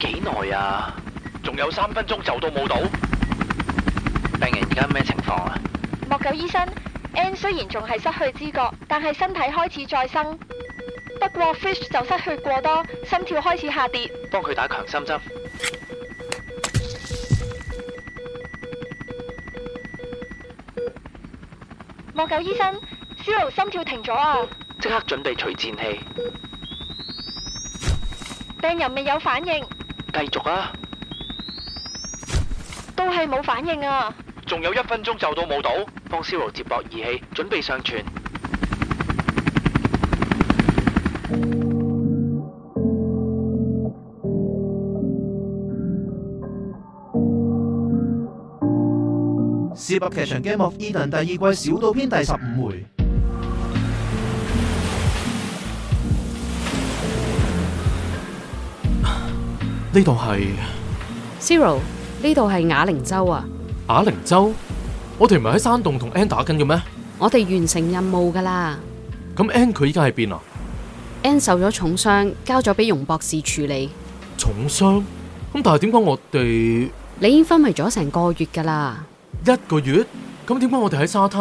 幾耐啊？仲有三分鐘就到墓島。病人而家咩情況啊？莫九醫生，N 雖然仲係失去知覺，但係身體開始再生。不過 Fish 就失血過多，心跳開始下跌。幫佢打強心針。莫九醫生，Zero 心跳停咗啊！即、哦、刻準備除顫器。病人未有反應。繼續啊，都係冇反應啊！仲有一分鐘就到墓島，幫 Zero 接駁儀器，準備上傳。《Zip 噏劇場 Game of Eden 第二季小島篇第十五回。呢度係 Zero 呢度係啞鈴洲啊！啞鈴洲，我哋唔係喺山洞同 N 打緊嘅咩？我哋完成任務噶啦。咁 N 佢依家喺邊啊？N 受咗重傷，交咗俾容博士處理。重傷？咁但係點解我哋？你已經昏迷咗成個月噶啦。一個月？咁點解我哋喺沙灘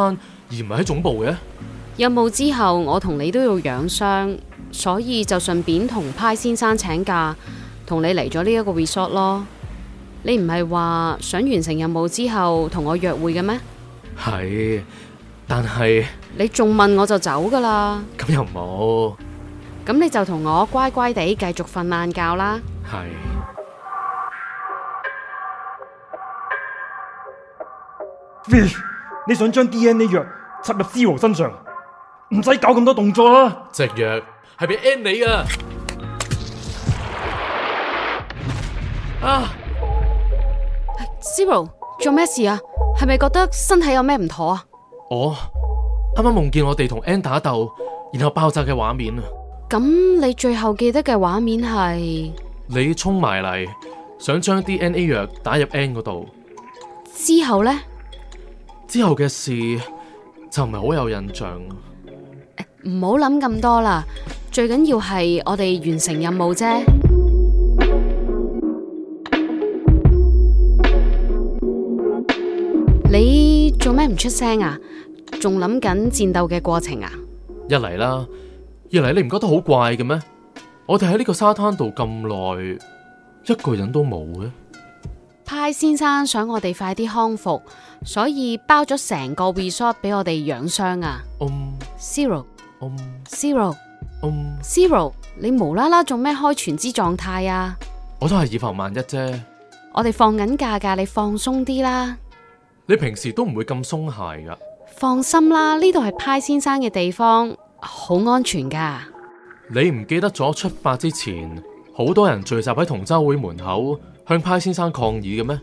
而唔係喺總部嘅？任務之後，我同你都要養傷，所以就順便同 Pi 先生請假。同你嚟咗呢一個 resort 咯，你唔係話想完成任務之後同我約會嘅咩？係，但係你仲問，我就走噶啦。咁又唔好，咁你就同我乖乖地繼續瞓晏覺啦。係。你想將 DNA 藥插入 Zero 身上，唔使搞咁多動作啦。隻藥係俾 N 你噶。啊，Zero，做咩事啊？係咪覺得身體有咩唔妥啊？哦，啱啱夢見我哋同 N 打鬥，然後爆炸嘅畫面啊！咁你最後記得嘅畫面係？你衝埋嚟，想將 DNA 藥打入 N 嗰度。之後咧？之後嘅事就唔係好有印象。唔好諗咁多啦，最緊要係我哋完成任務啫。咩唔出聲啊？仲諗緊戰鬥嘅過程啊？一嚟啦，二嚟你唔覺得好怪嘅咩？我哋喺呢個沙灘度咁耐，一個人都冇嘅。Pi 先生想我哋快啲康復，所以包咗成個 resort 俾我哋養傷啊。Zero，Zero，Zero，你無啦啦做咩開全知狀態啊？我都係以防萬一啫。我哋放緊假噶，你放鬆啲啦。你平時都唔會咁鬆懈噶。放心啦，呢度係 Pi 先生嘅地方，好安全噶。你唔記得咗出發之前，好多人聚集喺同舟會門口向 Pi 先生抗議嘅咩？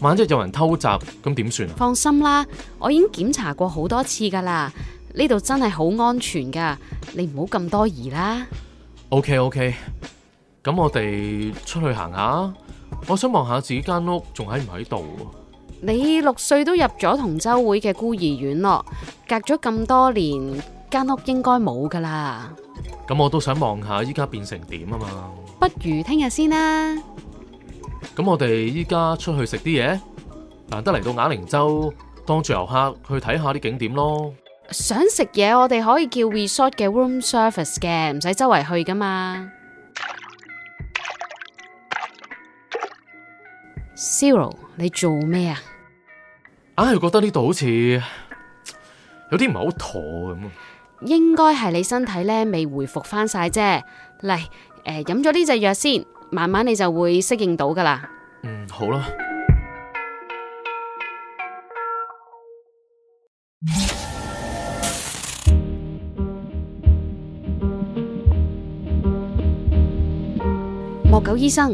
萬一有人偷襲，咁點算啊？放心啦，我已經檢查過好多次噶啦，呢度真係好安全噶，你唔好咁多疑啦。OK OK，咁我哋出去行下，我想望下自己間屋仲喺唔喺度。你六歲都入咗同舟會嘅孤兒院咯，隔咗咁多年間屋應該冇噶啦。咁我都想望下依家變成點啊嘛。不如聽日先啦。咁我哋依家出去食啲嘢，難得嚟到啞鈴洲當住遊客去睇下啲景點咯。想食嘢，我哋可以叫 resort 嘅 room service 嘅，唔使周圍去噶嘛。Zero，你做咩啊？硬係覺得呢度好似有啲唔係好妥咁啊！應該係你身體咧未回復翻晒啫。嚟誒，飲咗呢隻藥先，慢慢你就會適應到噶啦。嗯，好啦。莫九醫生，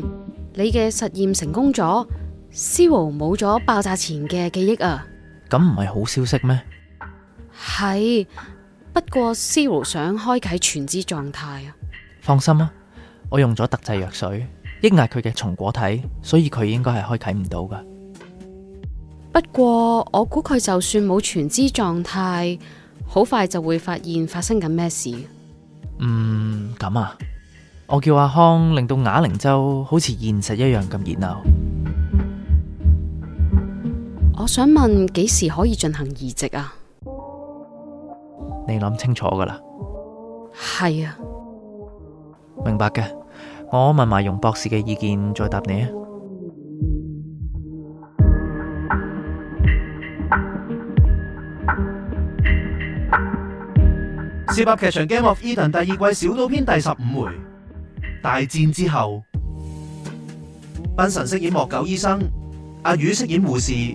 你嘅實驗成功咗。Zero 冇咗爆炸前嘅記憶啊！咁唔係好消息咩？係，不過 Zero 想開啟全知狀態啊！放心啊，我用咗特製藥水抑壓佢嘅松果體，所以佢應該係開啟唔到噶。不過我估佢就算冇全知狀態，好快就會發現發生緊咩事啊。嗯，咁啊，我叫阿康令到啞鈴洲好似現實一樣咁熱鬧。想問幾時可以進行移植啊？你諗清楚噶啦。係是啊，明白嘅。我問埋容博士嘅意見再答你啊。Zip 噏劇場 Game of Eden 第二季小島篇第十五回，大戰之後，彬臣飾演莫九醫生，阿妤飾演護士。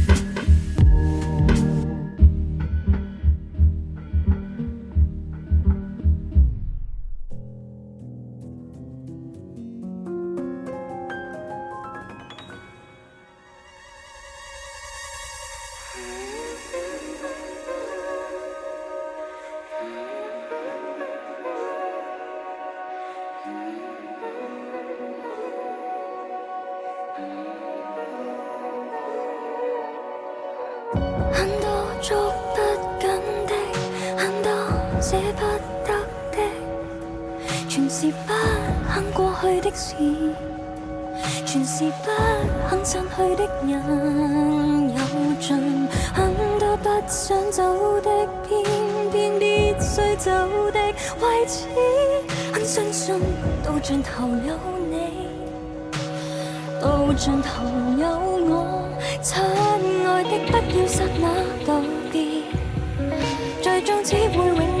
是不肯過去的事，全是不肯散去的人。有盡很多不想走的，偏偏必須走的。為此很相信，信，到盡頭有你，到盡頭有我，親愛的，不要剎那道別，最終只會永。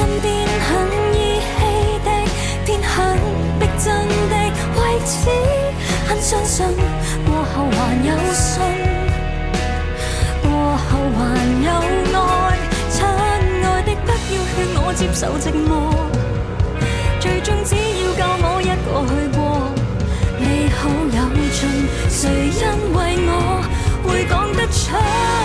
身邊很依稀的，偏很逼真的，為此很相信，信，過後還有信，過後還有愛，親愛的不要勸我接受寂寞，最終只要夠我一個去過，美好有盡，誰因為我會講得出？